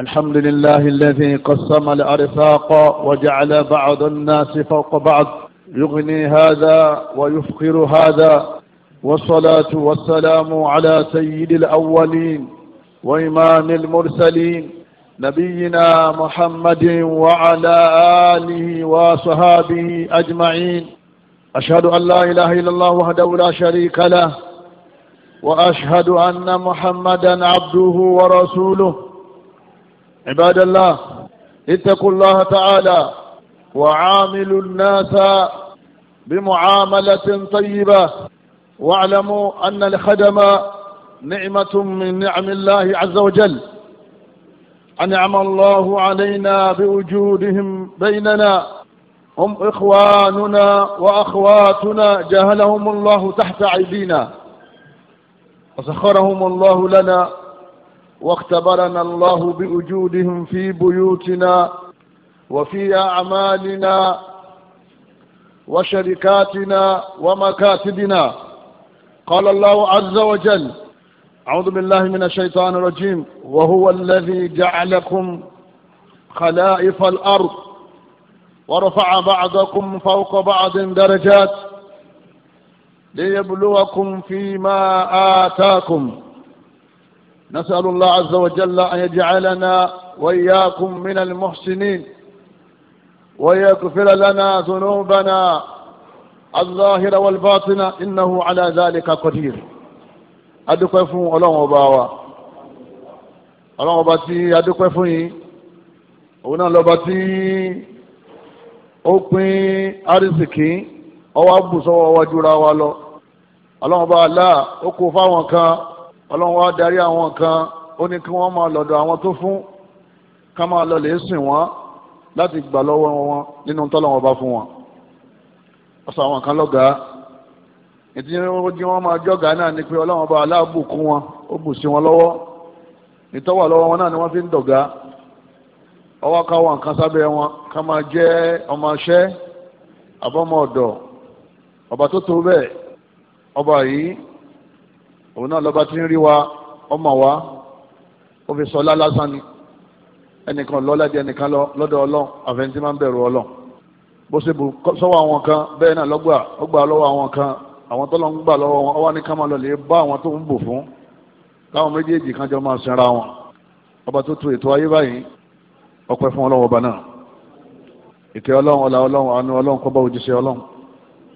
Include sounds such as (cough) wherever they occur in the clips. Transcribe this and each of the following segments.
الحمد لله الذي قسم الأرفاق وجعل بعض الناس فوق بعض يغني هذا ويفقر هذا والصلاة والسلام على سيد الأولين وإمام المرسلين نبينا محمد وعلى آله وصحابه أجمعين أشهد أن لا إله إلا الله وحده لا شريك له وأشهد أن محمدا عبده ورسوله عباد الله اتقوا الله تعالى وعاملوا الناس بمعاملة طيبة واعلموا أن الخدم نعمة من نعم الله عز وجل أنعم الله علينا بوجودهم بيننا هم إخواننا وأخواتنا جاهلهم الله تحت أيدينا وسخرهم الله لنا واختبرنا الله بوجودهم في بيوتنا وفي أعمالنا وشركاتنا ومكاتبنا قال الله عز وجل أعوذ بالله من الشيطان الرجيم وهو الذي جعلكم خلائف الأرض ورفع بعضكم فوق بعض درجات ليبلوكم فيما آتاكم نسأل الله عز وجل أن يجعلنا وإياكم من المحسنين ويغفر لنا ذنوبنا الظاهرة والباطنة إنه على ذلك قدير adúpẹ́ fún ọlọ́run ọba wa ọlọ́run ọba tí adúpẹ́ fún yìí òun náà lọ́ba tí ó pín arísìkí ọwọ́ àbùsọ̀wọ́ wájú ra wa lọ ọlọ́run ọba àlá ó kó fáwọn kan ọlọ́wọ́ wa darí àwọn kan ó ní kí wọ́n máa lọ́dọ̀ àwọn tó fún ká máa lọ lè sìn wọ́n láti gbà lọ́wọ́ wọn nínú tọ́lọ́wọ́n bá fún wọn. ọ̀sọ̀ àwọn kan lọ́gàá ìdí ojú wọn máa jọ́gà náà ni pé bá wọn ó bù sí wọn lọ́wọ́ ìtọ́wà lọ́wọ́ wọn náà ni wọ́n fi ń dọ̀gá ọwọ́ sábẹ́ wọn ọba tó ọba yìí òun náà lọ́ba tí ń rí wa ọmọ wa ó fi lọ lọ́dọ̀ ọlọ́run àfẹnusí máa ń bẹ̀rù ọlọ́run bó ṣe bù sọ́wọ́ àwọn kan bẹ́ẹ̀ náà lọ́gbà ó gbà lọ́wọ́ àwọn kan àwọn tó lọ ń gbà lọ́wọ́ wọn ó wá ní ká máa lọ lè bá àwọn tó ń fún káwọn méjèèjì kan jọ máa wọn ọba tó tu ètò ayé báyìí fún ọba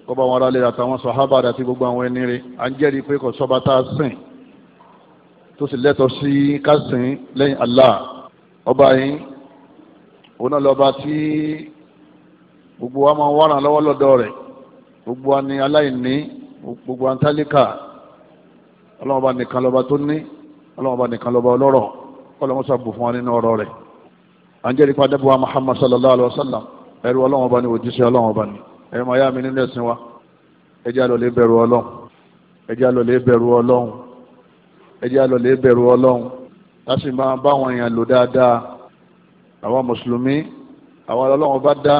kọba wọn ara lè àtàwọn sọ̀hábà àti gbogbo àwọn ẹni rẹ̀ à ń jẹ́rìí pé kò sọ́ba tá a sìn tó sì lẹ́tọ̀ọ́ sí ká sìn lẹ́yìn Allah ọba yìí òun náà lọ́ba tí gbogbo wa máa ń wárà lọ́wọ́ lọ́dọ̀ rẹ̀ gbogbo wa ni aláìní gbogbo wa ń tálíkà ọlọ́wọ́n bá nìkan lọ́ba tó ní ọlọ́wọ́n bá nìkan lọ́ba ọlọ́rọ̀ ọlọ́wọ́n sàbò fún wa nínú ọ̀rọ̀ rẹ̀ à ń jẹ́rìí pé adébọ̀wá Muhammad sallallahu alayhi wa sallam ẹ̀rù ọlọ́wọ́n bá ní òjíṣẹ́ ọlọ́wọ́n bá ní ẹ̀rọ màá yá mi nínú ẹ̀sìn wa ẹjẹ́ àlọ́lé bẹ̀rù ọlọ́run ẹjẹ́ àlọ́lé bẹ̀rù ọlọ́run ẹjẹ́ àlọ́lé bẹ̀rù ọlọ́run láti máa bá àwọn èèyàn lò dáadáa àwọn mùsùlùmí àwọn ọlọ́run bá dá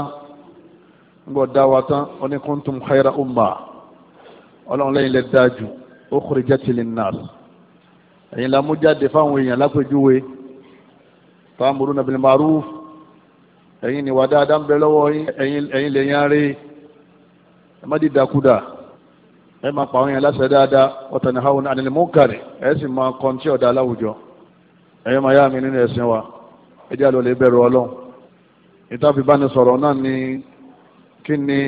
nígbà dá wa tán ó ní kuntum khayra umma ọlọ́run lẹ́yìn lẹ́ dáa jù ukhrijat linnas ẹ̀yin la mú jáde fáwọn èèyàn lápèjúwe ta'muruna bil ma'ruf ẹ̀yin ni wà dáadáa ń bẹ lọ́wọ́ ẹ̀yin lè yan ẹ má di dakuda ẹ máa pa àwọn yẹn láṣẹ dáadáa ọ̀tàní hàwọn ànilẹ̀ mọ́kàrì ẹ sì máa kọ́ tí ọ̀dà aláwùjọ ẹ̀yẹ́ máa yá mi nínú ẹ̀sìn wa ẹ jẹ́ àlọ́ lè ọlọ́run náà ni kí ni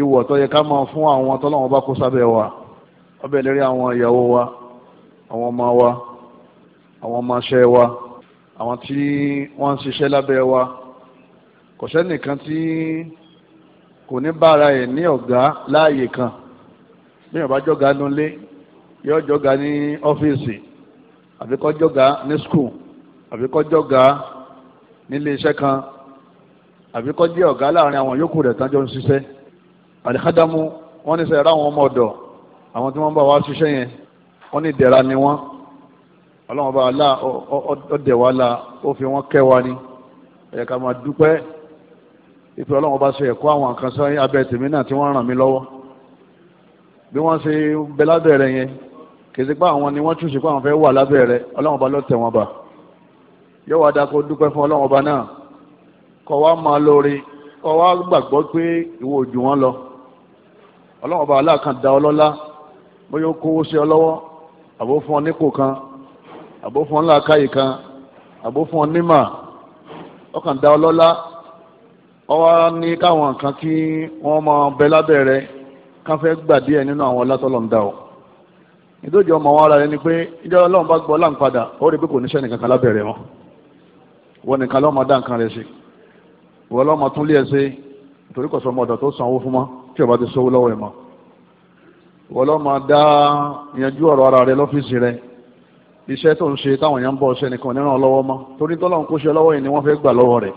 ìwọ̀ tó yẹ ká fún àwọn tọ́lọ́wọ́n bá kó wa ọbẹ̀ lérí àwọn ìyàwó wa àwọn ọmọ wa àwọn ọmọọṣẹ́ wa àwọn tí wọ́n ń ṣiṣẹ́ lábẹ́ wa kò sẹ́nìkan tí. kò ní bára ẹ̀ ní ọ̀gá láàyè kan bí yóò bá jọ́gà nulẹ̀ yóò jọ́gà ní ọ́fíìsì àbí kó jọ́gà ní skul àbí kó jọ́gà nílé iṣẹ́ kan àbí kó jẹ́ ọ̀gá láàrin àwọn yòókù rẹ̀ tán jọ ń ṣiṣẹ́ àdìkádámú wọ́n ní sẹ́yìn ráwọn ọmọ ọ̀dọ̀ àwọn tí wọ́n bá wá ṣiṣẹ́ yẹn wọ́n ní ìdẹ̀ra ni wọ́n ọlọ́wọ́n bá wà láà ọ̀dẹ̀ wà láà ó fi wọ́n kẹ́ wa ni ẹ̀ka máa dúpẹ́ ìpè ọlọ́run bá ṣe ẹ̀kọ́ àwọn kan sáyé abẹ́ tèmi náà tí wọ́n ràn mí lọ́wọ́ bí wọ́n ṣe bẹ lábẹ́ rẹ yẹn kèsì pé àwọn ni wọ́n túnṣe pé àwọn fẹ́ wà lábẹ́ rẹ ọlọ́run bá lọ́tẹ̀ wọn bá yóò wá dáa kó dúpẹ́ fún ọlọ́run bá náà kọ́ wa máa lórí kọ́ wa gbàgbọ́ pé ìwọ ò jù wọ́n lọ ọlọ́run bá aláàkàn da ọlọ́lá bóyá ó kówó sí ọ àbó fún ọ nípò kan àbó fún ọ ńlá káyì kan àbó fún ọ nímà ọkàn da ọlọ́lá ọwọ́ ní káwọn kan kí wọ́n mọ bẹ lábẹ́ rẹ ká fẹ́ gbà díẹ̀ nínú àwọn ọlátọ́lọ̀ ń dà ọ́ ìdójọ́ ọmọ wa ara rẹ ni pé ìjọba ọlọ́run bá gbọ́ láǹpadà ó rí i pé kò níṣẹ́ nìkan kan lábẹ́ rẹ mọ́ wọ́n nìkan lọ́mọ dá nǹkan rẹ ṣe wọ́n lọ́mọ tún lé ẹ ṣe torí kò sọ ọmọ ọ̀dọ̀ tó san owó fún mọ́ tí ọba ti sọ owó lọ́wọ́ ẹ̀ mọ́ wọ́n lọ́mọ dá yanjú ọ̀rọ̀ ara rẹ lọ́fíìsì rẹ iṣẹ́ tó ń ṣe táwọn èèyàn ń bọ̀ ṣẹ́nìkan níràn lọ́wọ́ mọ́ torí tọ́lọ́run kó ṣe lọ́wọ́ yìí ni wọ́n fẹ́ gbà lọ́wọ́ rẹ̀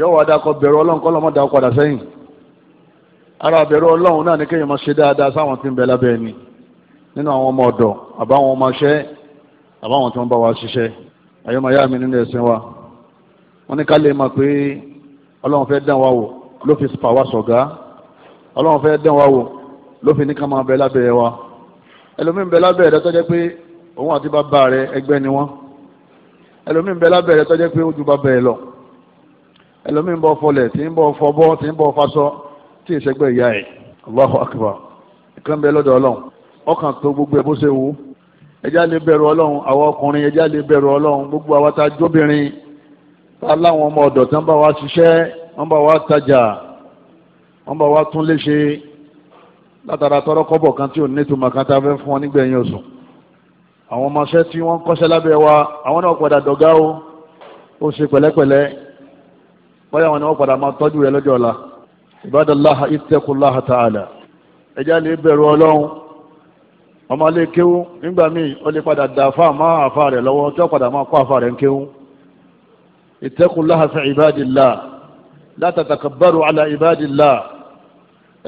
yọ̀wọ́ adakọ̀ bẹ̀rù ọlọ́run kọ́ lọ́mọdé àwọn padà sẹ́yìn ara bẹ̀rù ọlọ́run náà ní kéèyàn máa ṣe dáadáa sáwọn tí ń bẹ lábẹ́ ẹni nínú àwọn ọmọ ọ̀dọ̀ àbáwọn ọmọ aṣẹ́ àbáwọn tí wọ́n bá wa ṣiṣẹ́ àyọ̀mọ̀yá mi nínú ẹ̀sìn wa wọ́n ní ká lè mọ̀ pé ọlọ́run fẹ́ dán wa wò ló fi fà wá sọ̀gá ọlọ́run fẹ́ dán wa wò ló fi ní ká máa bẹ lábẹ́ wa ẹlòmíín bẹ lábẹ́ rẹ tó pé òun àti bàbá rẹ ẹgbẹ́ ni wọ́n ẹlòmíín bẹ lábẹ́ rẹ tó pé ó ju bàbá rẹ lọ ẹlòmíín bọ́ fọlẹ̀ tí ń bọ́ fọbọ́ tí ń bọ́ fasọ tí ìṣẹ́gbẹ́ ìyá ẹ̀ Allahu akbar ìkan bẹ lọ́dọ̀ ọlọ́run ọkàn tó gbogbo ẹ̀ bó ṣe wù ẹjá lè bẹ̀rù ọlọ́run àwọn ọkùnrin ẹjá lè bẹ̀rù ọlọ́run gbogbo àwọn tá a jóbìnrin tá a láwọn ọmọ ọ̀dọ̀ tí wọ́n bá wa ṣiṣẹ́ wọ́n bá wa tajà wọ́n bá wa tún léṣe látara tọrọ kọ́bọ̀ kan tí ò ní tuma kan tá a fẹ́ fún ọ nígbẹ̀yìn oṣù àwọn ọmọọṣẹ́ tí wọ́n kọ́ṣẹ́ lábẹ́ wa àwọn náà padà dọ̀gá o ó ṣe pẹ̀lẹ́pẹ̀lẹ́ bóyá wọn ni wọ́n padà máa tọ́jú rẹ̀ lọ́jọ́ ọ̀la ìbádọ́láha ìtẹ́kùláha tààlà ẹ̀já lè bẹ̀rù ọlọ́run ọmọ alẹ́ kéwú nígbà míì ó lè padà dà fáà má àfa rẹ̀ lọ́wọ́ tí ó padà máa kó àfa rẹ̀ ń kéwú ìtẹ́kùláha sí ìbádìlá látàtàkàbárù àlà ìbádìlá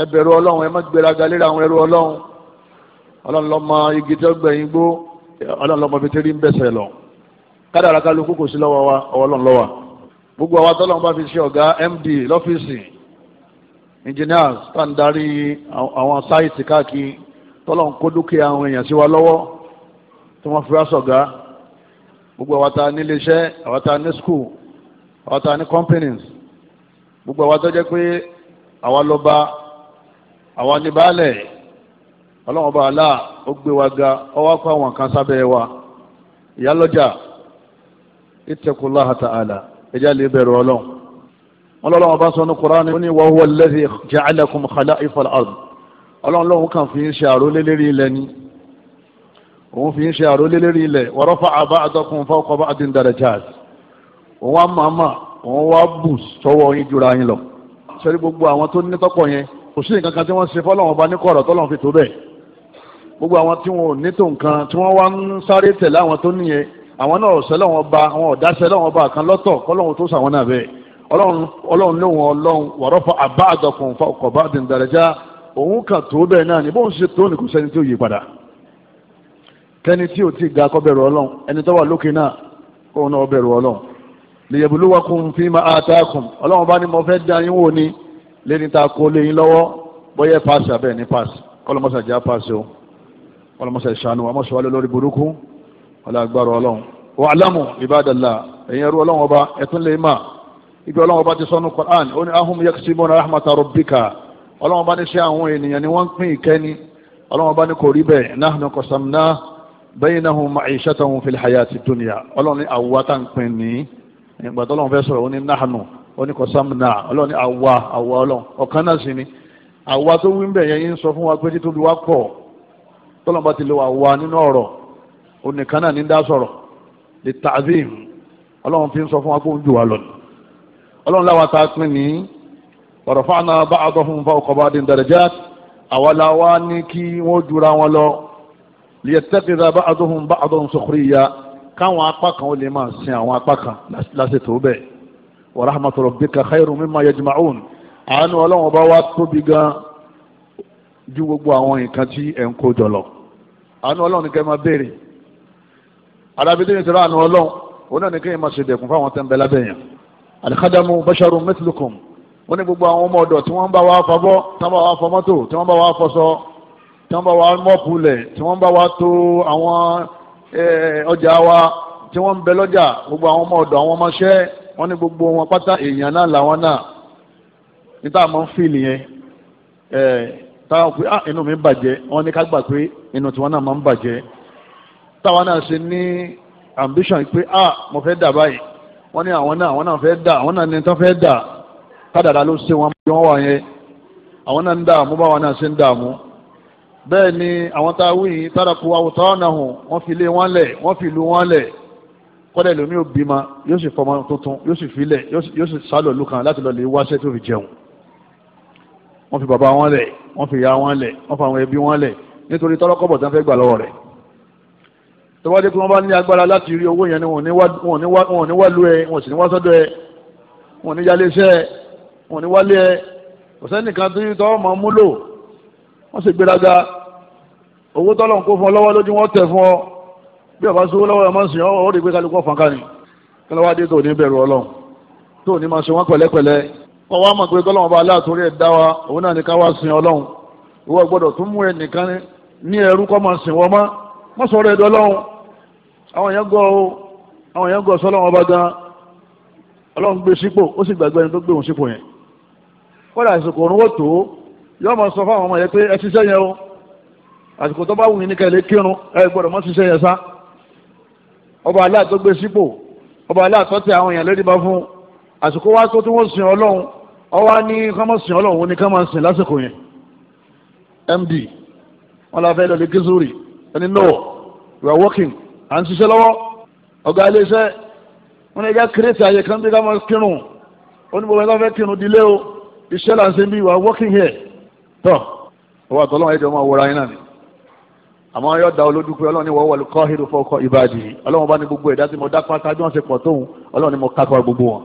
ẹ bẹ̀rù ọlọ́run ẹ má gbéraga léra àwọn ẹrú ọlọ́run ọlọ́run lọ́mọ igi tó gbẹ̀yìn gbó ọlọ́run lọ́mọ fi tẹ́rí ń bẹ̀sẹ̀ lọ kádàrá kálukú kò sí lọ́wọ́ wa ọwọ́ ọlọ́run lọ́wọ́ gbogbo àwọn tọ́lọ́mù bá fi ṣe ọ̀gá md lọ́fíìsì engineers tá à ń darí àwọn sáìtì káàkiri tọ́lọ́mù kó dúkìá àwọn èèyàn sí wa lọ́wọ́ tí wọ́n fi wá sọ̀gá gbogbo àwọn tá a àwọn tá ní gbogbo àwọn pé àwa ga ọwọ́ àwọn kan sábẹ́ wa ìyálọ́jà ẹjẹ́ àlè bẹ̀rù ọlọ́run wọn lọ́wọ́ wọn bá sọ ní Kùránì ó ní wa huwa alladhi ja'alakum khala'ifa al-ard ọlọ́run lọ́wọ́ kan fi ń ṣe àrólé lérí ilẹ̀ ni òun fi ń ṣe àrólé lérí ilẹ̀ wa rafa'a ba'dakum fawqa ba'din darajat òun wá màmá òun wá bù sọ́wọ́ yín jura yín lọ sẹ́rí gbogbo àwọn tó ní tọ́pọ̀ yẹn kò sí nǹkan kan tí wọ́n ṣe fọ́lọ́wọ́n àwọn náà ọ̀sẹ̀ lọ́wọ́ ba àwọn ọ̀dáṣẹ́ lọ́wọ́ ba kan lọ́tọ̀ kọ́lọ́hún tó sàwọn náà bẹ́ẹ̀ ọlọ́run lóhun ọlọ́run wàrọ́fọ́ àbáàdọ̀kùn fọkọ̀ bá dìndàrẹ́já òun kà tó bẹ́ẹ̀ náà ní bóun ṣe tó ní kò sẹ́ni tí ò yí padà kẹ́ni tí ò ti ga kọ́ bẹ̀rù ọlọ́run ẹni tó wà lókè náà kóun náà bẹ̀rù ọlọ́run lèyẹ̀bùlúwàkùn fi máa àtàkùn ọlọ́run bá ní mo fẹ́ dá yín wò ní lẹ́ni tá a kó lé yín lọ́wọ́ bóyá pass abẹ́ẹ̀ ní pass kọ́lọ́mọ́sà já pass o kọ́lọ́mọ́sà ìṣàánú àmọ́sọ̀wálé lórí burúkú ọlá agbára ọlọ́run wà lámù ìbádàlá ẹ̀yin ẹrú ọlọ́run ọba ẹ̀tún lè má ibi ọlọ́run ọba ti sọnù Qur'an ó ní ahum yaksimuna rahmata rabbika ọlọ́run ọba ní ṣe àwọn ènìyàn ni wọ́n ń pín ìkẹ́ni ọlọ́run ọba ní kò rí bẹ́ẹ̀ nahnu qasamna baynahum ma'ishatahum fil hayati dunya ọlọ́run ní àwa tá ń pín ní ìgbà tó ọlọ́run fẹ́ sọ̀rọ̀ ó ní nahnu ó ní qasamna ọlọ́run ní àwa àwa ọlọ́run ọ̀kan náà sì ni àwa tó wí ń yẹn yín sọ fún wa pé títóbi wa pọ̀ tọ́lọ́ba onìkan náà ní dá sọ̀rọ̀ lè tààzìm ọlọ́run fi ń sọ fún wa kó ń jù wá lọ ni ọlọ́run láwa ta pín ní ọ̀rọ̀ fáwọn bá a gbọ́ fún fa ọkọ̀ bá dín darajat àwa la wá ní kí wọ́n jura wọn lọ lè tẹ́kìdá bá a gbọ́ fún bá a gbọ́ fún sukhriya káwọn apá kan ó lè máa sin àwọn apá kan lásìkò bẹ́ẹ̀ wa rahmatu rabbika khayrun mimma yajma'un àánú ọlọ́run ọba wa tóbi gan ju gbogbo àwọn nǹkan tí ẹ̀ ń kó jọ lọ àánú ọlọ́run kẹ́ máa béèrè arábí tẹ́yìn tẹ́lá àánú ọlọ́run òun náà ní kéèyàn máa ṣe dẹ̀kun fáwọn tẹ́ ń bẹ lábẹ́ yẹn alikadamu basharu mithlukum wọ́n ní gbogbo àwọn ọmọ ọ̀dọ̀ tí wọ́n bá wá fabọ́ tí wọ́n bá wá fọ mọ́tò tí wọ́n bá wá fọṣọ tí wọ́n bá wá mọ́pulẹ̀ tí wọ́n bá wá tó àwọn ọjà wa tí wọ́n ń bẹ lọ́jà gbogbo àwọn ọmọ ọ̀dọ̀ àwọn ọmọọṣẹ́ wọ́n ní gbogbo wọn pátá èèyàn náà làwọn náà níta àmọ́ ń fìlì yẹn táwọn pé ah, inú mi bàjẹ́ wọ́n ní ká gbà pé inú tiwọn náà máa ń bàjẹ́ táwa náà ṣe ní ambition pé a mo fẹ́ dà báyìí wọ́n ní àwọn náà àwọn náà fẹ́ dà àwọn náà ní tán fẹ́ dà kádàrà ló ṣe wọn bí wọ́n wà yẹn àwọn náà ń dààmú báwa náà ṣe ń dààmú bẹ́ẹ̀ ni àwọn tá a wí yìí tárakù àwòtá náà hùn wọ́n fi ilé wọn lẹ̀ wọ́n fi ìlú wọn lẹ̀ kọ́dẹ̀ lómi ò bímọ yóò sì fọmọ tuntun yóò sì filẹ̀ yóò sì sálọ̀ lù láti lọ lè wáṣẹ́ tó fi jẹun wọ́n fi bàbá wọn lẹ̀ wọ́n fi ìyá wọn lẹ̀ wọ́n fi àwọn ẹbí wọn lẹ̀ nítorí tọ́lọ́kọ́bọ̀ tí wọ́n fẹ́ gbà lọ́wọ́ rẹ̀ tọ́wádé kí wọ́n bá ní agbára láti rí owó yẹn ni wọ́n ní wá lu ẹ wọ́n sì ní wá sọ́dọ̀ ẹ wọ́n ní yálé iṣẹ́ ẹ wọ́n ní wálé ẹ kò sẹ́nìkan tó yí tọ́wọ́ máa mú lò wọ́n sì gbéraga owó tọ́lọ̀ ń kó fún ọ lọ́wọ́ lójú wọn tẹ̀ fún ọ bí ọba sọ lọ́wọ́ ẹ máa ń sìn ọ́ ọ́ rí i pé kálukú ọ̀fàn ni kí lọ́wọ́ adé tó ní bẹ̀rù ọlọ́run tó ní máa ṣe wọ́n pẹ̀lẹ́pẹ̀lẹ́ àwọn èèyàn gọ́ ọ àwọn èèyàn gọ́ ọ sọ́lọ́wọ́n ọba gan ọlọ́run gbé sípò ó sì gbàgbé ẹni tó gbé òun sípò yẹn kọ́dà àsìkò òun ó tó yóò máa sọ fáwọn ọmọ yẹn pé ẹ ṣiṣẹ́ yẹn o àsìkò tó bá wù yín ní kẹlẹ́ kírun ẹ gbọ́dọ̀ mọ́ ṣiṣẹ́ yẹn sá ọba aláà tó gbé sípò ọba aláà tó tẹ àwọn èèyàn lórí bá fún àsìkò wá tó tí wọ́n sìn ọlọ́run ọwá ní ká sìn ọlọ́run ní ká sìn lásìkò yẹn md wọn la fẹ́ lọ lè gé sórí ẹni no we are working à ń ṣiṣẹ́ lọ́wọ́ ọ̀gá iléeṣẹ́ wọn ní ẹja kírètì àyè kan bí ká máa kírun oníbòwò ẹ̀ka fẹ́ kírun dílé o iṣẹ́ là ń ṣe bí wà working here tọ́ ọwọ́ àtọ́lọ́wọ́ ẹ̀jẹ̀ máa wọra yín náà ni àmọ́ yóò da olójú pé ọlọ́run ni wọ́n wọlé kọ́hìrì fọ́kọ́ ìbàdí ọlọ́run bá ní gbogbo ẹ̀dá tí mo dá pátá bí wọ́n ṣe pọ̀ tóun ọlọ́run ni mo kápá gbogbo wọn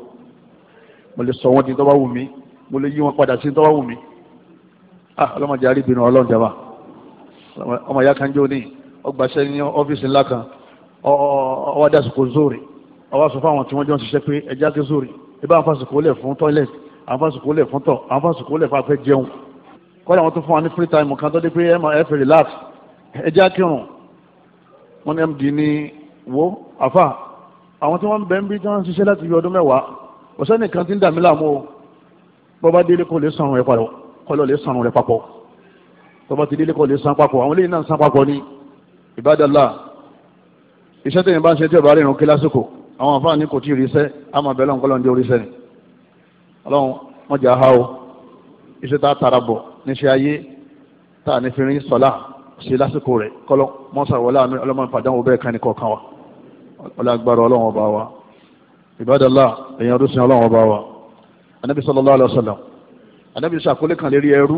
mo lè sọ wọn di tọ́wá wù mí mo lè yí wọn padà sí tọ́wá wù mí ah ọlọ́run jẹ́ àríbìnrin ọmọ ìyá kan ní ọgbàṣẹ́ ní ọ́fíìsì ńlá kan ọwọ́ adásùkò zóòrè ọwọ́ sọ fáwọn tí wọ́n jọ ń ṣiṣẹ́ pé ẹja ké zóòrè ibà àwọn fásitì lẹ̀ fún toilet àwọn fásitì lẹ̀ fún tọ̀ àwọn fásitì lẹ̀ fún afẹ́ jẹun kọ́lá wọn tó fún wa ní free time kan tó dé pé ẹ fẹ́ relax ẹja kírun wọn ní md ní wo àfà àwọn tí wọ́n bẹ̀ ń bí tí wọ́n ń ṣiṣẹ́ láti ọdún mẹ́wàá ọ̀sẹ́ nìkan ti ń dàmí láàmú o bọ́ba délé kò lè sanrun rẹ̀ papọ̀ kọ́lọ́ lè sanrun rẹ̀ papọ̀ bọ́ba ti délé kò lè san papọ̀ àwọn eléyìí náà papọ̀ ní iṣẹ́ tẹ̀yìn bá ń ṣe tí ọba rírun kí lásìkò àwọn àǹfààní kò tí ì ríṣẹ́ á máa bẹ̀ lọ́n kọ́lọ́n dé oríṣẹ́ ni ọlọ́run wọ́n jà á o iṣẹ́ tá a tara bọ̀ níṣẹ́ ayé tá a ní fi rin sọ́lá ṣe lásìkò rẹ̀ kọ́lọ́ mọ́sàwọ́lá mi ọlọ́mọ ìfàdánwò bẹ́ẹ̀ kan ní kọ̀ọ̀kan wa ọlọ́gbàrọ̀ ọlọ́run ọba wa ìbádọ́lá èèyàn rúṣin ọlọ́run ọba wa anábì sallallahu alaihi wasallam anábì sàkólé kan lérí ẹrú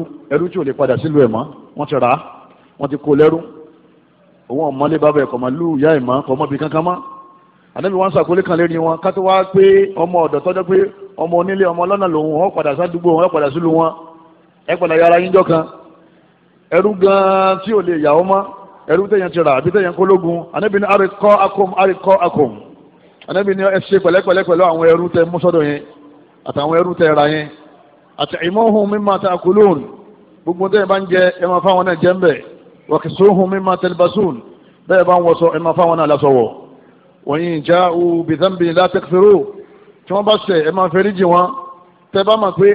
òun ọ̀mọ́lé bàbá ẹ̀kọ́ máa lù ìyá ìmọ̀ kọ́ mọ́bi kankan mọ́ ànábì wọn sàkólé kan lérí wọn kátó wá pé ọmọ ọ̀dọ̀ tọ́jọ́ pé ọmọ onílé ọmọ ọlọ́nà lòun ọ̀ padà sádùúgbò wọn ọ̀ padà sílu wọn ẹ padà yára yín jọ kan ẹrú gan tí ò lè yàwó mọ́ ẹrú tẹ̀yàn ti rà àbí tẹ̀yàn kólógun ànábì ní àríkọ́ akom àríkọ́ akom ànábì ní ẹ ṣe pẹ̀lẹ́pẹ̀lẹ́ pẹ̀lú àwọn ẹrú tẹ mú sọ́dọ̀ yẹn àtàwọn ẹrú tẹ ra yẹn àtẹ̀yìnmọ́ ohun mímọ́ àtàkùlóhùn gbogbo tẹ̀yìn bá ń jẹ ẹ máa fáwọn náà jẹ́ ń bẹ̀ wàkìsóhùn mímá tẹlifásún bẹ́ẹ̀ bá ń wọṣọ ẹ máa fáwọn náà lásọwọ́ wọ̀nyí ìjà ò bìtẹ́ǹbì látẹ́kẹ́fẹ́rò tí wọ́n bá ṣẹ̀ ẹ máa fẹ́rí jì wọ́n tẹ́ bá mọ̀ pé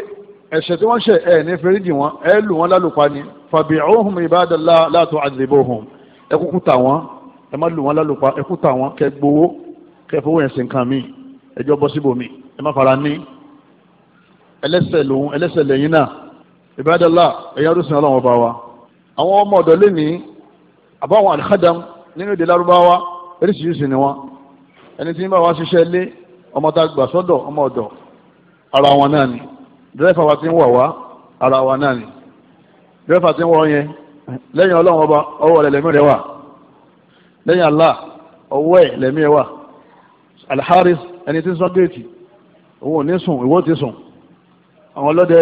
ẹ̀ṣẹ̀ tí wọ́n ṣẹ̀ ẹ̀ ní fẹ́rí jì wọ́n ẹ lù wọ́n lálùpa ni fàbíọ́hùn ìbádàlá látọ̀ àdìbòhùn ẹ kúkú tà wọ́n ẹ má lù wọ́n lálùpa ẹ kú tà wọ́n kẹ gbowó kẹ fowó yẹn sìnkàn mí ẹjọ́ bọ́ síbòmí ẹ má fara ní ẹlẹ́ṣẹ̀ lòun ẹlẹ́ṣẹ̀ lẹ́yìn náà ìbádàlá ẹ̀yà rúṣin ọlọ́run ọba wa àwọn ọmọ ọ̀dọ́ lé ní àbáwọn àdìkádàm nínú èdè lárúbáwá oríṣiríṣi ni wọn ẹni tí ń bá wa ṣiṣẹ́ lé ọmọ tá a gbà sọ́dọ̀ ọmọ ọ̀dọ̀ ara wọn náà ni dírẹ́fà wa ti ń wà wá ara wa náà ni dírẹ́fà ti ń wọ yẹn lẹ́yìn ọlọ́run ọba ọwọ́ rẹ̀ lẹ́mí rẹ̀ wà lẹ́yìn Allah ọwọ́ ẹ̀ lẹ́mí ẹ̀ wà alharis ẹni tí ń sọ géètì òun ò ní sùn ìwọ ti sùn àwọn ọlọ́dẹ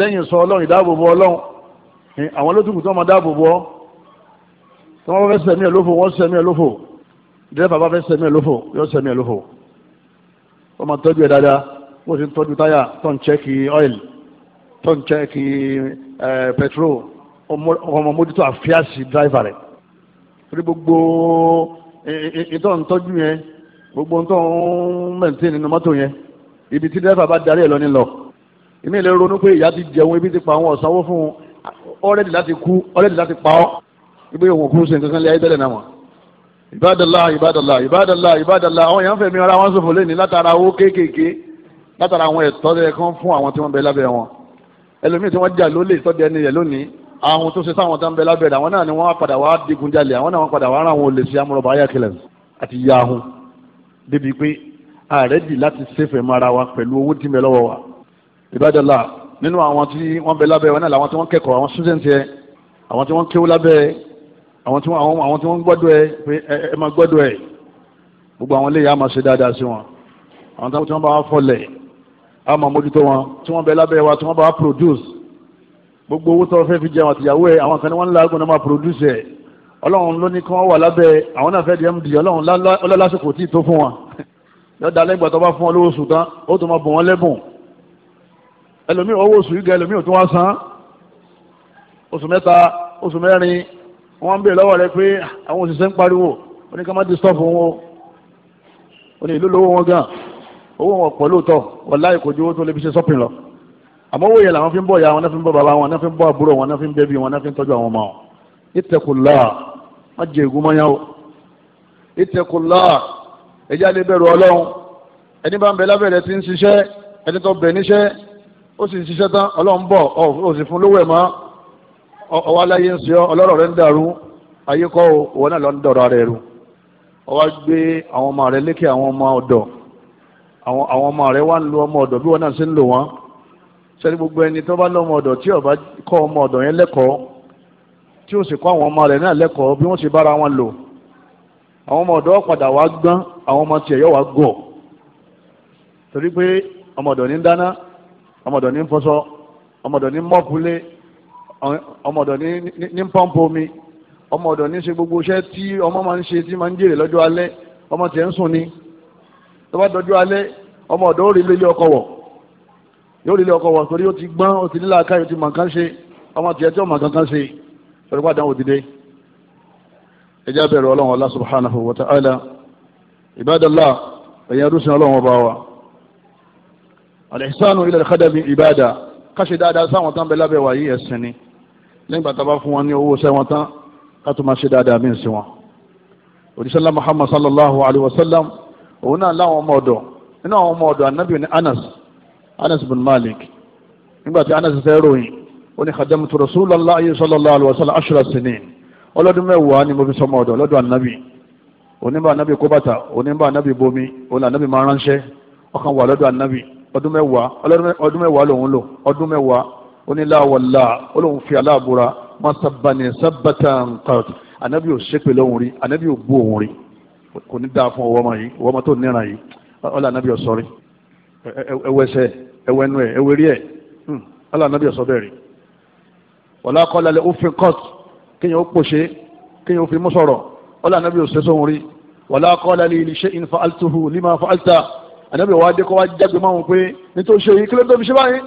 lẹ́yìn sọ ọlọ́run ìdáàbòbò ọlọ́run àwọn olótùkù tó ma dáàbò bọ́ tó máa fẹ́ sẹ̀mí ẹ̀ lófò wọ́n sẹ̀mí ẹ̀ lófò dẹ́rẹ́fà bá fẹ́ sẹ̀mí ẹ̀ lófò yọ sẹ̀mí ẹ̀ lófò wọ́n máa tọ́jú ẹ̀ dáadáa bó ti ń táyà tó chẹ́kì oil tó ń chẹ́kì petrol ọmọ mójútó àfíàsì dráìvà rẹ̀ torí gbogbo ìtọ́ ń tọ́jú yẹn gbogbo ń tọ́ ń mẹ̀ntẹ́ nínú mọ́tò yẹn ibi tí dẹ́rẹ́fà bá darí ẹ̀ lọ ní lọ ìmí ìlera ronú pé ìyá ti jẹun ibi ti pa àwọn ọ̀sánwó fún un ọ̀rẹ́dì láti kú ọ̀rẹ́dì láti pa ọ́ ibi òun kú sí nǹkan lé ayé tẹ́lẹ̀ náà wọn. ìbádàlá ìbádàlá ìbádàlá ìbádàlá àwọn èèyàn fẹ̀mí ara wọn ṣòfò lẹ́ni látara owó kéékèèké látara àwọn ẹ̀tọ́ rẹ̀ kan fún àwọn tí wọ́n bẹ lábẹ́ wọn. ẹlòmíì tí wọ́n jà lólè sọ́dẹ ẹni rẹ̀ lónìí àwọn tó ṣe sáwọn tó ń bẹ lábẹ́ rẹ̀ àwọn náà ni wọ́n padà wá digun jalè àwọn náà wọ́n padà wá rán àwọn olè sí amúrọ̀bà ayákẹ́lẹ̀ àti yahun débi pé ààrẹ dì láti ṣèfẹ̀mọ́ ara wa pẹ̀lú owó tí mẹ́ lọ́wọ́ wa ìbádàlá nínú àwọn tí wọ́n bẹ lábẹ́ wọn náà làwọn tí wọ́n kẹ́kọ̀ọ́ àwọn student yẹ àwọn tí wọ́n kéwú lábẹ́ àwọn tí wọ́n àwọn tí wọ́n gbọ́dọ̀ ẹ pé ẹ máa gbọ́dọ̀ ẹ gbogbo àwọn eléyà máa ṣe dáadáa sí wọn àwọn tí wọ́n bá wá fọlẹ̀ á máa mójútó wọn tí wọ́n bẹ lábẹ́ wa tí wọ́n bá wá produce gbogbo owó tó fẹ́ fi jẹun àtìyàwó ẹ àwọn kan ní wọ́n ń náà máa produce ẹ̀ ọlọ́run ló ní kí wọ́n wà lábẹ́ àwọn náà fẹ́ di md ọlọ́run lọ́lásìkò tí ì tó fún wọn (laughs) yọ̀dá lẹ́gbàá bá fún wọn lówó sùn tán ó tó máa bùn wọn lẹ́bùn ẹlòmíì owó oṣù yìí ga ẹlòmíì ò tún wá san oṣù mẹ́ta oṣù mẹ́rin wọ́n ń bèèrè lọ́wọ́ rẹ pé ah, àwọn òṣìṣẹ́ ń pariwo oníkàmá ti stop wọn o oní ìlú lówó wọn gan owó wọn pọ̀ lóòótọ́ wàláhì kò ju owó tó lè fi ṣe shopping lọ àmọ́ owó yẹn làwọn fi ń bọ̀ ya wọn náà fi ń bọ̀ bàbá wọn náà fi ń bọ̀ àbúrò wọn náà fi ń bẹ́bí wọn náà fi ń tọ́jú àwọn ọmọ ìtẹ̀kùlá má jẹ ó sì ṣiṣẹ́ tán ọlọ́run bọ̀ ó sì fún lówó ẹ̀ mọ́ ọwọ́ aláyé ń sọ ọ́ ọlọ́rọ̀ rẹ ń dàrú ayé kọ́ o òun náà lọ ń dọ̀rọ̀ rẹ rú ọwọ́ gbé àwọn ọmọ rẹ lékè àwọn ọmọ ọ̀dọ̀ àwọn ọmọ rẹ wá ń lo ọmọ ọ̀dọ̀ bí wọ́n náà ṣe ń lò wọ́n sẹ́ni gbogbo ẹni tó bá lọ́mọ ọ̀dọ̀ tí ó kọ́ ọmọ ọ̀dọ̀ yẹn lẹ́kọ̀ọ́ tí ó sì kọ́ àwọn ọmọ rẹ̀ náà lẹ́kọ̀ọ́ bí wọ́n ṣe bára wọn lò àwọn ọmọ ọ̀dọ́ padà wá gbọ́n àwọn ọmọ tiẹ̀ yóò wá gọ̀ torí pé ọmọ ọ̀dọ̀ ní dáná ọmọdọ̀ ní fọṣọ ọmọdọ̀ ní mọ́kulé ọmọdọ̀ ní pọ́ǹpù omi ọmọdọ̀ ní ṣe gbogbo iṣẹ́ tí ọmọ máa ń ṣe tí máa ń jèrè lọ́jọ́ alẹ́ ọmọ tiẹ̀ ń sùn ni tó bá dọjọ́ alẹ́ ọmọ ọ̀dọ́ ó rí ilé ọkọ wọ̀ yóò rí ilé ọkọ wọ̀ torí ó ti gbọ́n ó ti nílà akáyọ̀ ti mọ̀ nǹkan ṣe ọmọ tiẹ̀ tí ó mọ̀ nǹkan ṣe torí pàdán òdìdé ẹjẹ́ bẹ̀rù ọlọ́run Allah subhanahu wa ta'ala ibadallah ẹ̀yẹn rúṣin ọlọ́run ọba wa alẹ́sánù ilẹ̀ kádàbí ìbáàdà káṣe dáadáa sáwọn tán bẹ́ẹ̀ lábẹ́ wàyí ẹ̀sìn ni lẹ́yìn bàtà bá fún wọn ní owó sẹ́wọ̀n tán ká tó máa ṣe dáadáa mí sí wọn. òjísàlá muhammad sallallahu alayhi wa sallam òun náà láwọn ọmọ ọ̀dọ̀ nínú àwọn ọmọ ọ̀dọ̀ anabi ní anas anas bin malik nígbà tí anas fẹ́ ròyìn ó ní khadamtu rasulallah sallallahu alayhi wa sallam ashra sinin ọlọ́dún mẹ́wàá ni mo fi sọmọ ọ̀dọ̀ lọ́dọ̀ anabi onímbà anabi kó bàtà onímbà anabi bomi òun anabi máa ránṣẹ́ ọkàn wà lọ́dọ̀ anabi ọdún mẹ́wàá ọdún mẹ́wàá lòun lò ọdún mẹ́wàá oníláwọ̀lá olóhùn fi aláàbúra masabani sabatan qat anabi ò ṣépè lóhùn rí anabi ò bú òhun rí kò ní dáa fún ọwọ́ ọmọ yìí ọwọ́ ọmọ tó níran yìí ọlá anabi ò sọ rí ẹwẹ ẹsẹ ẹwẹ ẹnu ẹ ẹwẹ rí ẹ hmm, ọlá anabi ò sọ bẹ́ẹ̀ rí ọlá kọlá lẹ òfin qat kéèyàn ó pòṣe kéèyàn ó fi mú sọ̀rọ̀ ọlá anabi ò sẹ́sọ̀ ànábì wa dé kọ́ wa jágbe máa wọn pé nítorí ṣe yìí kílẹ̀ tó fi ṣe báyìí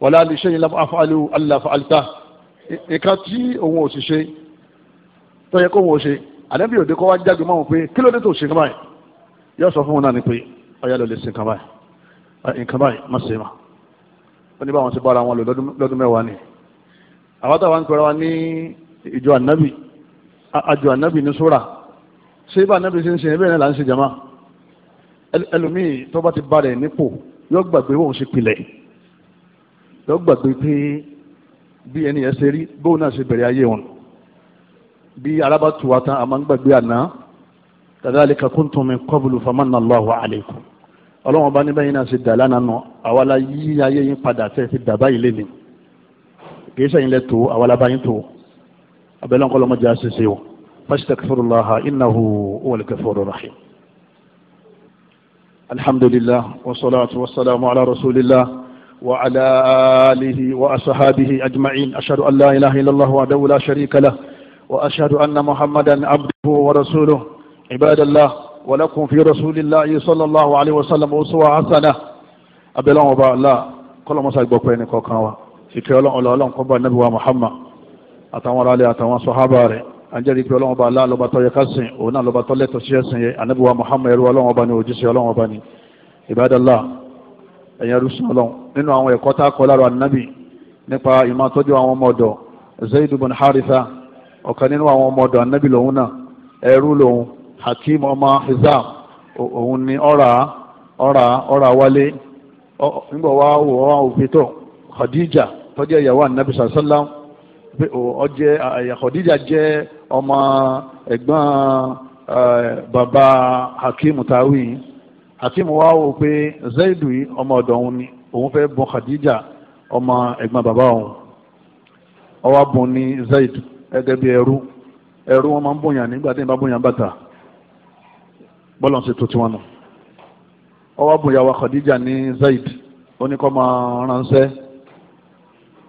wàlá àlè ṣe yìí afáàlù aláfàálítà ìka tí òun ò sì ṣe tó yẹ kó òun ò ṣe ànábì òde kọ́ wa jágbe máa wọn pé kílẹ̀ tó tó ṣe kaba yìí yóò sọ fún wọn náà ni pé ọyá ló lè ṣe kaba yìí nǹkan báyìí má ṣe mà ó ní báwọn ti bára wọn lò lọ́dún mẹ́wàá ni àwọn táwọn ń pẹ́ra wa ní ìjọ ànábì àjọ ànábì ní sóra ṣé ibà ànábì ṣe ń ṣe ẹbẹ́ náà là ń ẹlòmíì tó bá ti bá rẹ̀ nípò yóò gbàgbé wọn ò ṣe pilẹ̀ yóò gbàgbé pé bí ẹni yẹn ṣe rí bóun náà ṣe bẹ̀rẹ̀ ayé wọn bí alábàtúwa tán a máa ń gbàgbé àná kadhalika kuntum min qablu famanna Allahu alaykum ọlọ́wọ́n bá níbẹ̀ yín náà ṣe dà lánàá àwa la yí ayé yín padà tẹ́ ti dà báyìí lé mi kì í sẹ́yìn lẹ́ tó àwa la bá yín tó abẹ́lẹ́ ńkọ́ lọ́mọdé àṣìṣe o fastakfirullaha innahu huwal ghafurur rahim. الحمد لله والصلاة والسلام على رسول الله وعلى آله وأصحابه أجمعين أشهد أن لا إله إلا الله وحده لا شريك له وأشهد أن محمدا عبده ورسوله عباد الله ولكم في رسول الله صلى الله عليه وسلم أسوة حسنة أبلغ وباء الله كل ما سيبقى بين كوكاوا في كيولون أولون قبل النبي محمد أتوان لي أتوان صحابه anjẹ́rìí pé ọlọ́wọ́n bá aláà lọ́ba tó yẹ ká sìn òun náà lọ́ba tó lẹ́tọ̀ sí ẹ̀sìn yẹn ànábì wa Muhammad ẹrú ọlọ́wọ́n bá ní òjíṣẹ́ ọlọ́wọ́n bá ní ìbádọ́lá ẹ̀yìn arúsùn ọlọ́wọ́n nínú àwọn ẹ̀kọ́ tá a kọ́ lára ànábì nípa ìmọ̀tọ́jú àwọn ọmọ ọ̀dọ̀ Zaid bin Haritha ọ̀kan nínú àwọn ọmọ ọ̀dọ̀ ànábì lòun náà ẹrú lòun Hakim ọmọ Hizam òun ni ọ̀rà ọ̀rà ọ̀rà wálé nígbà wa wò ó òfin tó Khadija tọ́jú ẹ̀yàwó ànábì sallallahu pé ọjẹ́ Khadija jẹ́ ọmọ ẹ̀gbọ́n bàbá Hakim tawi Hakim wa wò pé Zaidu ọmọ ọ̀dọ̀ òun ni òun fẹ́ bọ́ Khadija ọmọ ẹ̀gbọ́n bàbá òun ọwọ́ bùn ní Zaidu gẹ́gẹ́ bí ẹrú ẹrú wọn máa ń bùn yàn nígbà tí wọ́n bá bùn yàn bàtà bọ́lọ̀ ń ṣètò tiwọn nù ọwọ́ bùn yàwó Khadija ní Zaid ó ní kó máa ránṣẹ́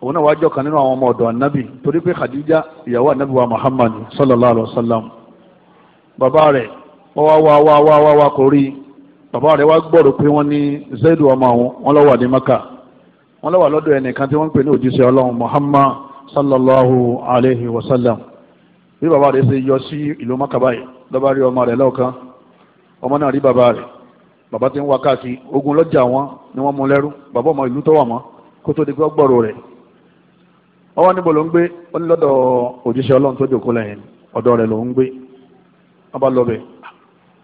òun náà wàá jọ kan nínú àwọn ọmọ ọ̀dọ̀ anabi torí pé khadija ìyàwó anabi wa Muhammadu sallallahu alayhi wa sallam bàbá rẹ̀ wọ́n wá wá wá wá wá wá kò rí bàbá rẹ̀ wá gbọ́dọ̀ pé wọ́n ní zaidu ọmọ àwọn wọn lọ́wọ́ ní maka wọn lọ́wọ́ lọ́dọ̀ ẹnìkan tí wọ́n pè ní òjíṣẹ́ ọlọ́run muhammad sallallahu alayhi wa sallam bí bàbá rẹ̀ ṣe yọ sí ìlú maka báyìí lọ́ba rí ọmọ rẹ̀ lọ́ọ̀kan ọmọ náà rí bàbá rẹ̀ bàbá ti ń wá káàkiri ogun lọ́jà wọn ni wọ́n mú lẹ́rú bàbá ọmọ ìlú tó wà mọ́ kó di pé ọgbọ́rọ̀ rẹ̀ ọwọ́ níbo ló ń gbé ó ní lọ́dọ̀ òjíṣẹ́ ọlọ́run tó jòkó lẹ́yìn ọ̀dọ̀ rẹ̀ ló ń gbé wọ́n bá lọ bẹ̀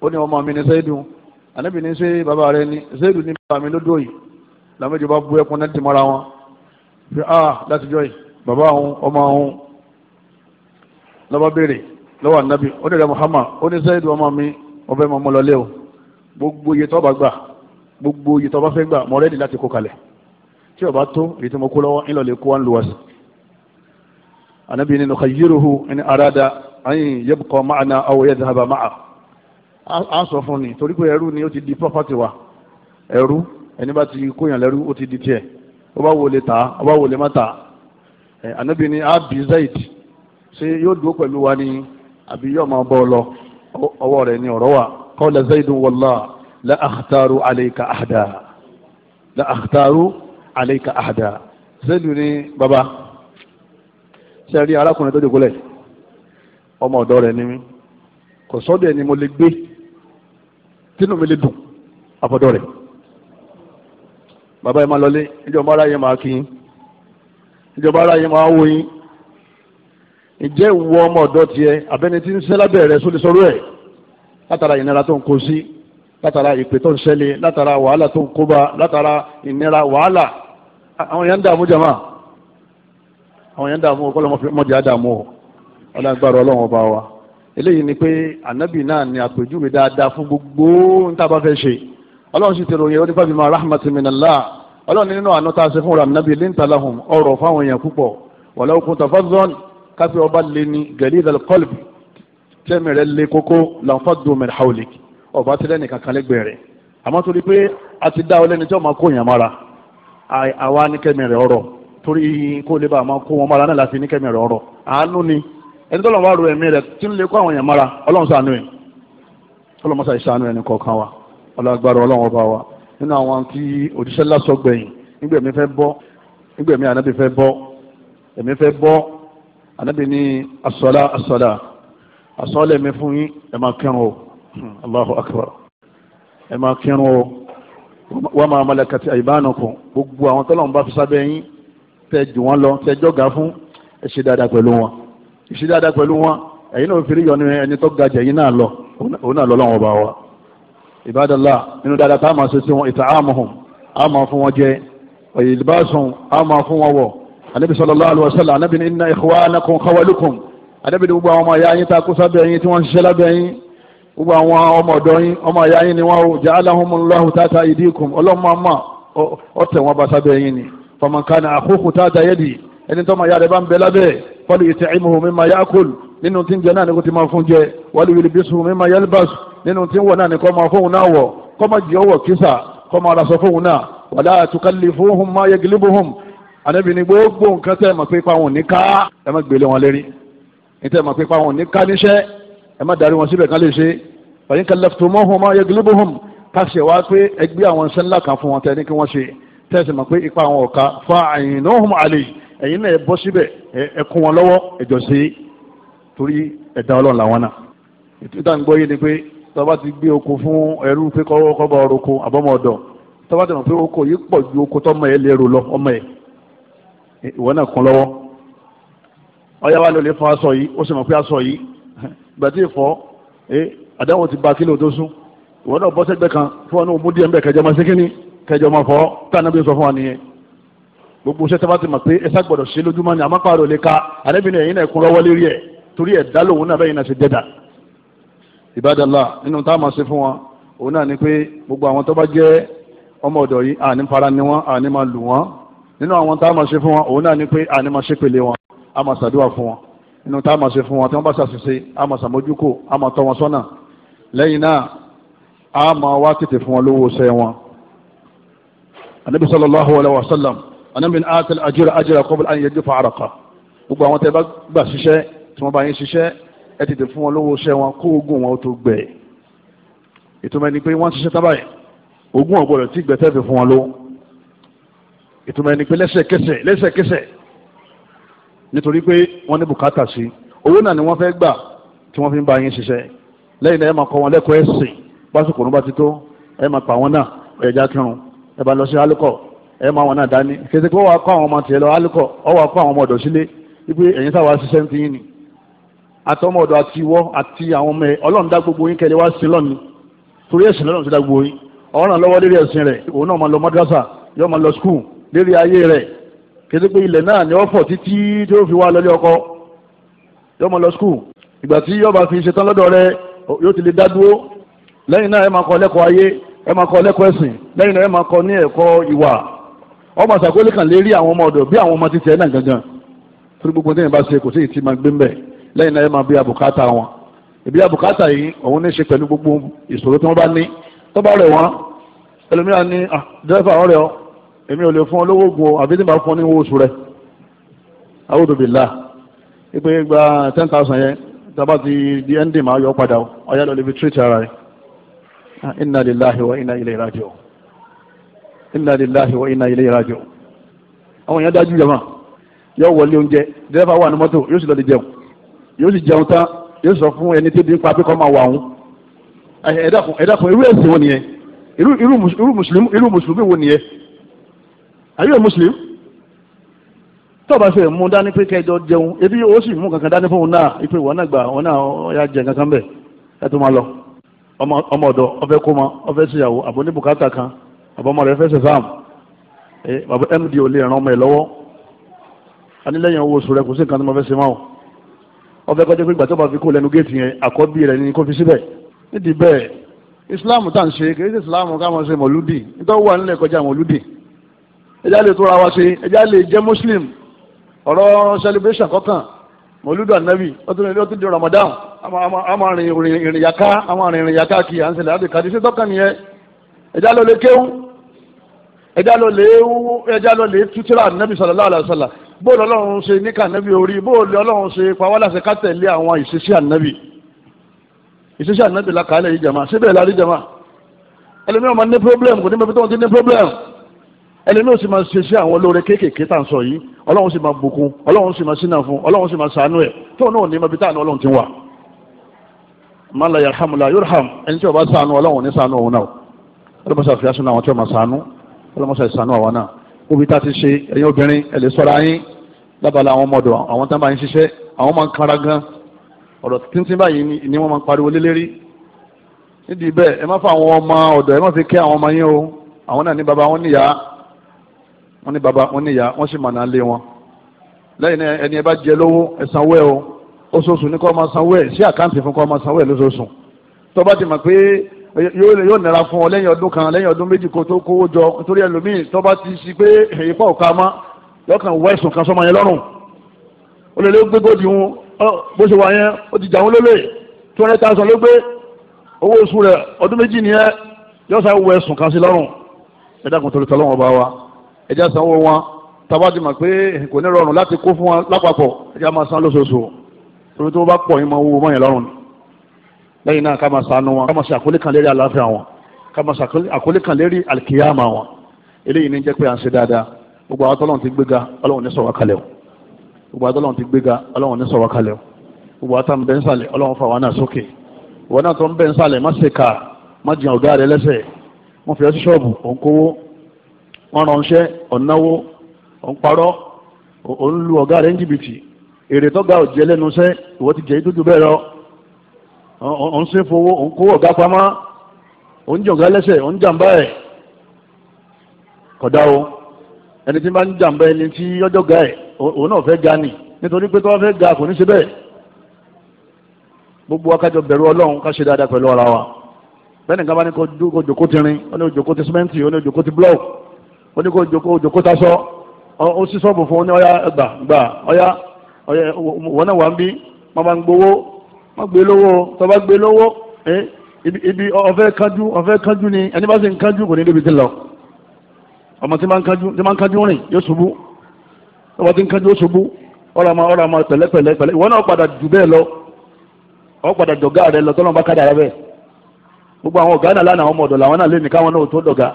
ó ní ọmọ mi ní sẹ́ẹ̀dù ànábì ní ṣe bàbá rẹ̀ ní sẹ́ẹ̀dù ní bàbá mi lódò yìí làmẹ́jọ bá bú ẹkún náà ti mọ́ra wọn fi ah láti jọ yìí bàbá òun ọmọ òun lọ́ba béèrè lọ́wọ́ ànábì ó ní Muhammad ó ní sẹ́ẹ̀dù ọmọ mi ọbẹ̀ mọ́ mọ́ lọlé o gbogbo iye tó bá gbà gbogbo iye tó bá fẹ́ gbà mọ́ rẹ́ẹ̀dì anabi ni nukhayiruhu in arada ayin yabqa ma'ana aw yadhhaba ma'a a sọ fún ni torí pé ẹrú ni ó ti di property wa ẹrú ẹni bá ti kóyàn lẹ́rú ó ti di tiẹ̀ ó bá wọlé ta ó bá wọlé má ta ẹ anabi ni abi zaid ṣe yóò dúró pẹ̀lú wa ni àbí yóò máa bọ́ ọ lọ ọwọ́ ni ọ̀rọ̀ wa qala zaidun wallah la akhtaru alayka ahada la akhtaru alayka ahada zaidu ni baba ṣe rí arákùnrin tó dògólẹ̀ ọmọ ọ̀dọ́ rẹ̀ ni mí kò sọ́dọ̀ ẹni mo lè gbé tínú mi lè dùn àfọ̀dọ́ rẹ̀ bàbá yẹn máa lọlé ìjọba ara yẹn máa kí yín ìjọba ara yẹn máa wò yín ìjẹ́ ìwọ ọmọ ọ̀dọ́ tiẹ̀ abẹ́ni tí ń sẹ́ lábẹ́ rẹ̀ sóde sọ́rọ́ ẹ̀ látara ìnira tó ń kó sí látara ìpè tó ń ṣẹlẹ̀ látara wàhálà tó ń kóbá látara ìnira wàhálà àwọn yẹn ń dààmú jàmáà àwọn yẹn dààmú ọlọ́mọdé àdààmú ọlágbára ọlọ́run ọba wa eléyìí ni pé ànábì náà ni àpèjúwe dáadáa fún gbogbo níta bá fẹ́ ṣe ọlọ́run sì ti ròyìn onífà bímọ rahmatu minallah ọlọ́run nínú àánú tá a ṣe fún ramnabi lintalahum ọrọ̀ fáwọn èèyàn púpọ̀ walau kunta fazzan kápẹ́ ọba lè ní galidal qalbi tẹ́mi rẹ̀ lé kókó lanfaddu min hawlik ọba tí lẹ́nì kankan lẹ́gbẹ̀ẹ́ rẹ̀ àmọ́ torí pé a ti dá ọ tí ọmọ kó yàn mára àwa ní kẹ́mi rẹ̀ ọrọ̀ torí kó lè bá a máa kó wọn mọ́ra náà láti ní kẹ́mi ọ̀rọ̀ àánú ni ẹni tó lọ́n wá ro ẹ̀mí rẹ̀ tí ń lè kó àwọn èèyàn mọ́ra ọlọ́run ṣàánú ẹ̀ ọlọ́run mọ́sá ìṣàánú ẹni kọ̀ọ̀kan wa ọlọ́gbàrọ̀ ọlọ́run ọba wa nínú àwọn tí òjíṣẹ́ lásọ gbẹ̀yìn nígbẹ̀mí fẹ́ bọ́ ẹ̀mí fẹ́ bọ́ ànábì ní asọ́lá asọ́lá asọ́lẹ̀ mi fún yín ẹ máa kírun o hmm, Allahu akbar ẹ máa kírun o wọ́n máa malakat aymanukum gbogbo àwọn tọ́lọ́run bá fi sábẹ́ tẹ jù wọ́n lọ tẹ jọ́gà fún ẹ ṣe dáadáa pẹ̀lú wọn ẹ ṣe dáadáa pẹ̀lú wọn ẹ̀yin náà fìrí yọnu ẹni tó ga jẹ̀yin náà lọ òun náà lọ lọ́wọ́ bá wa ìbádọ́lá nínú dáadáa tá a máa ṣe sí wọn ìta àmọ̀hún a máa fún wọn jẹ òye ìbáṣun a máa fún wọn wọ anabi sallallahu alaihi wasallam anabi inna ikhwanakum khawalukum anabi gbogbo àwọn ọmọ ya yín ta kó sábẹ́ yín tí wọ́n ń ṣiṣẹ́ lábẹ́ gbogbo àwọn ọmọ ọ̀dọ́ yín ọmọ ya yín ni wọ́n ja'alahumullahu tata idikum ọlọ́mọ ọmọ ọ̀tẹ̀ wọn bá sábẹ́ yín ni famankana àkókò tá a ta yẹ́dì ẹni tó máa yára ẹ bá ń bẹ lábẹ́ fọlù ìtẹ̀ẹ́mù mi máa yá kúl nínú tí ń jẹ náà ni kò ti máa fún jẹ wọlé ìlbísù mi máa yálbàs nínú tí ń wọ náà ni kò máa fóun náà wọ kò máa jẹ ọwọ kísà kò máa raṣọ fóun náà wàlá àtúkálì fóun máa yẹ gilibuhum ànábì ni gbogbo nǹkan tẹ́ ẹ mọ̀ pé pàwọn ò ní ká ẹ má gbélé wọn lérí ní tẹ́ ẹ mọ̀ pé pàwọn ò ní ká níṣẹ́ ẹ má darí wọn síbẹ̀ kán lè ṣe fàyín kálẹ̀ tó mọ́ hùn máa yẹ gilibuhum káṣẹ̀ wá pé ẹgbẹ́ àwọn iṣẹ́ ńlá kan fún wọn tẹ́ ní kí wọ́n ṣe tẹ́sí mọ̀ pé ipa àwọn ọ̀ka fa àyìnlọ́hùn àlè ẹ̀yin náà ẹ bọ́ síbẹ̀ ẹ kún wọn lọ́wọ́ ẹjọ́ sí torí ẹ̀dá ọlọ́run làwọn náà ìtúta ń gbọ́ yé ni pé tọ́ba ti gbé oko fún ẹrú pé kọ́kọ́ bá ọrọ̀ oko àbọ̀mọ̀ ọ̀dọ̀ tọ́ba ti mọ̀ pé oko yìí pọ̀ ju oko tọ́mọ ẹ lérò lọ ọmọ ẹ ìwọ náà kún lọ́wọ́ ọyá wa ló lè aṣọ yìí ó sì mọ̀ pé aṣọ yìí kẹjọ máa fọ kánábí sọ fún wa nìyẹn gbogbo sẹ́tẹ́ bá ti mọ̀ pé ẹ̀sà gbọ́dọ̀ ṣe lójúmọ́ ni àmọ́ pààrọ̀ lè ka àdébìnrin ẹ̀yin náà kún lọ́wọ́ lérí ẹ̀ torí ẹ̀ dá lòun náà bẹ́yìn náà ṣe dẹ́dà ìbádàlá nínú tá a máa ṣe fún wa òun náà ni pé gbogbo àwọn tó bá jẹ́ ọmọ ọ̀dọ̀ yìí àní fara ni wọ́n àní máa lù wọ́n nínú àwọn tá a máa ṣe fún wa òun náà ni pé àní máa ṣépele wọn a máa ṣàdúrà fún wọn nínú tá a máa ṣe fún wọn tí wọ́n bá ṣàṣìṣe a máa ṣàmójúkò a máa tọ́ wọn sọ́nà lẹ́yìn náà a máa wá tètè fún wọn lówó ṣẹ́ wọn anabi sallallahu alayhi wa sallam anabi ati ajira ajira qabla an yadfa araqa gbogbo àwọn tẹ́ bá gbà ṣiṣẹ́ tí wọ́n bá yín ṣiṣẹ́ ẹ tètè fún wọn lówó iṣẹ́ wọn kó oògùn wọn tó gbẹ ìtumọ̀ ẹni pé wọ́n ṣiṣẹ́ tábà yẹn oògùn ọ̀gbọ̀dọ̀ tí gbẹ̀tẹ́ fi fún wọn lówó ìtumọ̀ ẹni pé lẹ́sẹ̀kẹsẹ̀ lẹ́sẹ̀kẹsẹ̀ nítorí pé wọ́n ní bùkátà sí owó náà ni wọ́n fẹ́ gbà tí wọ́n fi ń bá yín ṣiṣẹ́ lẹ́yìn náà ẹ máa kọ́ wọn lẹ́kọ̀ọ́ ẹ̀sìn pásítọ̀ ní bá ti tó ẹ máa pa wọn náà ẹ̀já kírun ẹ bá lọ sí alukọ ẹ máa wọn náà dání kété kó wàá kó àwọn ọmọ tiẹ̀ lọ alukọ ọ wàá kó àwọn ọmọ ọ̀dọ̀ sílé wípé ẹ̀yin sáwà ṣiṣẹ́ ti yín ni àtọmọ ọ̀dọ̀ àti ìwọ àti àwọn ọmọ ẹ Ọlọ́run dá gbogbo yín kẹlẹ wá sí lọni torí ẹ̀sìn lọ́run ti dá gbogbo yín ọ̀ràn lọ́wọ́ lérí ẹ̀sìn rẹ̀ òun náà máa lọ madrasa yóò máa lọ skul lérí ayé rẹ̀ kété pé ilẹ̀ náà ni ó fọ̀ títí tí ó fi wá lọlé ọkọ yóò máa lọ skul ìgbà tí yóò bá fi ṣetán lọ́dọ̀ rẹ̀ yóò ti lè dá dúró lẹ́yìn náà ẹ máa kọ́ lẹ́kọ̀ọ́ ayé ẹ máa kọ́ lẹ́kọ̀ọ́ ẹ̀sìn lẹ́yìn náà ẹ máa kọ́ ní ẹ̀kọ́ ìwà ọmọ àṣàkólé kan lè rí àwọn ọmọ ọ̀dọ̀ bí àwọn ọmọ títí ẹ̀ náà gangan torí gbogbo ní ìbá ṣe kò sí ìtì máa gbé mbẹ lẹ́yìn náà ẹ máa bí àbùkátà wọn ìbí àbùkátà yìí òun ní ṣe pẹ̀lú gbogbo ìṣòro tí wọ́n bá ní tó bá rẹ̀ wọ́n ẹlòmíràn ní ah, dẹ́fà ọ̀rẹ́ ọ èmi ò lè fún ọ àbí tí màá fún ọ ten thousand yẹn tá a bá ti di ending máa treat ara inna lillahi wa inna ilayhi raji'un inna lillahi wa inna ilayhi raji'un àwọn èèyàn dájú jama yóò wọlé oúnjẹ dẹ́rẹ́fà wà ní mọ́tò yóò sì lọ lè jẹun yóò sì jẹun tán yóò sọ fún ẹni tí dín papẹ́ kọ́ máa wà òun ẹ̀dàkùn ẹ̀dàkùn irú ẹ̀sìn wọn nìyẹn irú mùsùlùmí irú mùsùlùmí wo nìyẹn are you a muslim tọ́ọ̀bà fẹ́ mú dání pé kẹjọ jẹun ebi ó sì mú kankan dání fún òun náà ipe ìwọ náà gbà òun náà yà jẹ kankan bẹ̀ ẹ tó máa lọ ọmọ ọ̀dọ̀ ọfẹ́ kó ma ọfẹ́ síyàwó àbọ̀ ní bùkátà kan àbọ̀ ọmọ rẹ̀ fẹ́ ṣe fáàmù bàbá md ò lè ràn ọmọ ẹ̀ lọ́wọ́ anilẹ́yìn owó oṣù rẹ̀ kò sí nǹkan tí mo fẹ́ ṣe máa o ọfẹ́ kọjá pé ìgbà tó bá fi kó lẹ́nu géètì yẹn àkọ́bí rẹ̀ ni kó fi síbẹ̀ nídìí bẹ́ẹ̀ islam tá à ń ṣe kì ṣe islam ká máa ṣe mọ̀lúdì nítorí wà nílẹ̀ kọjá mọ̀lúdì ẹjá lè tóra wa ṣe ẹjá lè jẹ́ muslim ọ̀rọ̀ celebration kọ̀ọ̀kan mọ̀lúdì ànábì ó tún di ramadan àwọn arìnrìn ìrìn yàká àwọn arìnrìn ìrìn yàká kì í à ń ṣẹlẹ̀ àti kàdí sí tọ́kàn nìyẹn ẹ̀já ló lè kéwú ẹ̀já ló lè ẹ̀já ló lè tútúrà nàbì sallallahu alaihi wasallam bóòlù ọlọ́run ṣe ní kànábì orí bóòlù ọlọ́run ṣe pawọ́láṣẹ ká tẹ̀lé àwọn ìṣesí ànábì ìṣesí ànábì la kàálẹ̀ yìí jama síbẹ̀ la rí jama ẹlẹ́mi ọmọ ní problem kò ní bẹ́ẹ̀ tó ń ní problem ẹlẹ́mi ò sì máa ṣe sí àwọn olóore kéékèèké tá à ń sọ yìí ọlọ́run sì máa bùkún ọlọ́run sì máa ṣínà fún ọlọ́run sì máa ṣàánú ẹ̀ tóun náà ní mọ̀bí táwọn ọlọ́run ti wà mala yarhamula yorham ẹni tí o bá sànú ọlọ́run ní sànú òun náà ọlọ́mọṣà fi aṣọ àwọn tí o máa sànú ọlọ́mọṣà ìsànú àwọn náà níbi tá a ti ṣe ẹ̀yin obìnrin ẹ̀ lè sọ́ra yín lábala àwọn ọmọdọ̀ àwọn tán bá yín ṣiṣẹ́ àwọn máa ń kanra gan ọ̀rọ̀ tíntín báyìí ni wọ́n máa ń pariwo lé lérí nídìí bẹ́ẹ̀ ẹ má fa àwọn ọmọ ọ̀dọ̀ ẹ má fi kẹ́ àwọn ọmọ yín o àwọn náà ní baba wọn níyà wọn ní baba wọn níyà wọn sì mọ̀nà lé wọn lẹ́yìn ẹni ẹ bá jẹ lówó ẹ sanwó ẹ o oṣooṣù ní kó máa sanwó ẹ̀ sí àkáǹtì fún kó máa sanwó ẹ̀ lóṣooṣù tó bá ti mọ̀ pé yóò nira fún ọ lẹ́yìn ọdún kan lẹ́yìn ọdún méjì kó tó kówó jọ nítorí ẹlòmíì tó bá ti sí pé èyí pọ̀ ká mọ́ yọkàn wọ ẹ̀sùn kan sọ́mọ yẹn lọ́rùn ó lè lé gbégbó di wọn bó ṣe wà yẹn ó ti jà wọn lólè two hundred thousand ló gbé owó oṣù rẹ̀ ọdún méjì nìyẹn yọ sá wọ ẹ̀sùn kan sí lọ́rùn ẹ dákun torí tọ́lọ́wọ́n bá wa ẹ já sanwó wọn tá bá ti mọ̀ pé kò ní rọrùn láti kó fún wọn lápapọ̀ ẹ já máa san lóṣooṣù torí tó bá pọ̀ yín máa wúwo mọ́yìn lọ́rùn ni lẹ́yìn náà ká máa sànú wọn ká máa ṣe àkólé kan lérí àlàáfíà wọn ká máa ṣe àkólé kan lérí àlìkìyàmà wọn eléyìí ní jẹ́ pé à ń ṣe dáadáa gbogbo àwọn ti gbéga ọlọ́run ní sọ̀rọ̀ kalẹ̀ o gbogbo àwọn ti gbéga ọlọ́run ní sọ̀rọ̀ kalẹ̀ o gbogbo àwọn táwọn bẹ́ẹ̀ ń sàlẹ̀ ọlọ́run fà wọn náà sókè wọn náà tó ń ń sàlẹ̀ èrè tó ga òjì ẹlẹ́nu sẹ́ ìwọ ti jẹ́ ìdójú bẹ́ẹ̀ lọ òun ṣe fowó òun kówó ọ̀gá pamọ́ òun jọ̀gá lẹ́sẹ̀ òun jàǹbá ẹ̀ kódà o ẹni tí bá ń jàǹbá ẹni tí ọjọ́ ga ẹ̀ òun náà fẹ́ ga nì nítorí pé tó wọ́n fẹ́ ga kò ní ṣe bẹ́ẹ̀ gbogbo akájọ bẹ̀rù ọlọ́run ká ṣe dáadáa pẹ̀lú ara wa bẹ́ẹ̀ nìkan bá ní kó jòkó ti ó ní kó ti símẹ́ǹtì ó ní kó ti blọ́ọ̀kù ó ní kó jòkó tasọ ó sì sọ́ọ̀bù fún ó ní ọ̀yá gbà gbà ọ̀yá ọyẹ wọn náà wà ń bí wọn bá ń gbowó wọn gbé lówó tó bá gbé lówó ibi ọfẹ kánjú ọfẹ kánjú ni ẹni bá sì ń kánjú kò ní débi ti lọ ọmọ tí máa ń kánjú tí máa ń kánjú rìn yóò ṣubú ọmọ tí ń kánjú yóò ṣubú ọ̀rọ̀ àmọ́ ọ̀rọ̀ àmọ́ pẹ̀lẹ́pẹ̀lẹ́ pẹ̀lẹ́ ìwọ náà padà jù bẹ́ẹ̀ lọ ọ padà jọ̀gá rẹ lọ tọ́lọ́mù bá kádà rẹ bẹ́ẹ̀ gbogbo àwọn ọ̀gá náà lánàá àwọn ọmọ ọ̀dọ̀ làwọn náà lé nìkan wọn náà tó dọ̀gá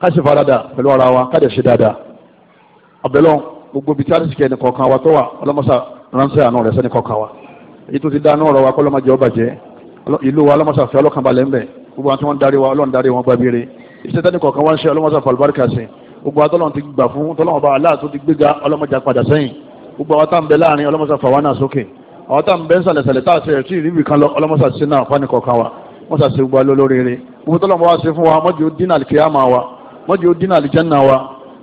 ká sì faradà pẹ̀lú ara wa ká dẹ̀ ṣe dáadáa àbẹ̀lọ́n gbogbo bíi tí arísìkì ẹnì kọ̀ọ̀kan wa tó wà ọlọ́mọṣà ránṣẹ́ àánú rẹ̀ sẹ́ni kọ̀ọ̀kan wa èyí tó ti dá náà ọ̀rọ̀ wa kọ́lọ́mọjẹ́ ọbàjẹ́ ìlú wa ọlọ́mọṣà fẹ́ ọlọ́kànbalẹ̀ ńbẹ̀ gbogbo àwọn tí wọ́n darí wa ọlọ́run darí wọn gba bíire iṣẹ́ tẹ́ni kọ̀ọ̀kan wa ń ṣe ọlọ́mọṣà fàlùbáríkà sí gbogbo àtọ́lọ́run ti gbà fún tọ́lọ́run ọba aláà tó ti gbéga ọlọ́mọjà padà sẹ́yìn gbogbo àwọn tá ń bẹ fani kọ̀ọ̀kan wa wọ́n ṣàṣe gbogbo alólóríire gbogbo tọ́lọ́run wa ṣe fún wa mọ́jú dínà wa mọ́jú dínà àlìjẹ́nà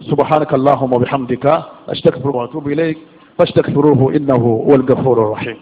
سبحانك اللهم وبحمدك أستغفر وأتوب إليك فاستغفروه إنه هو الغفور الرحيم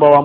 wa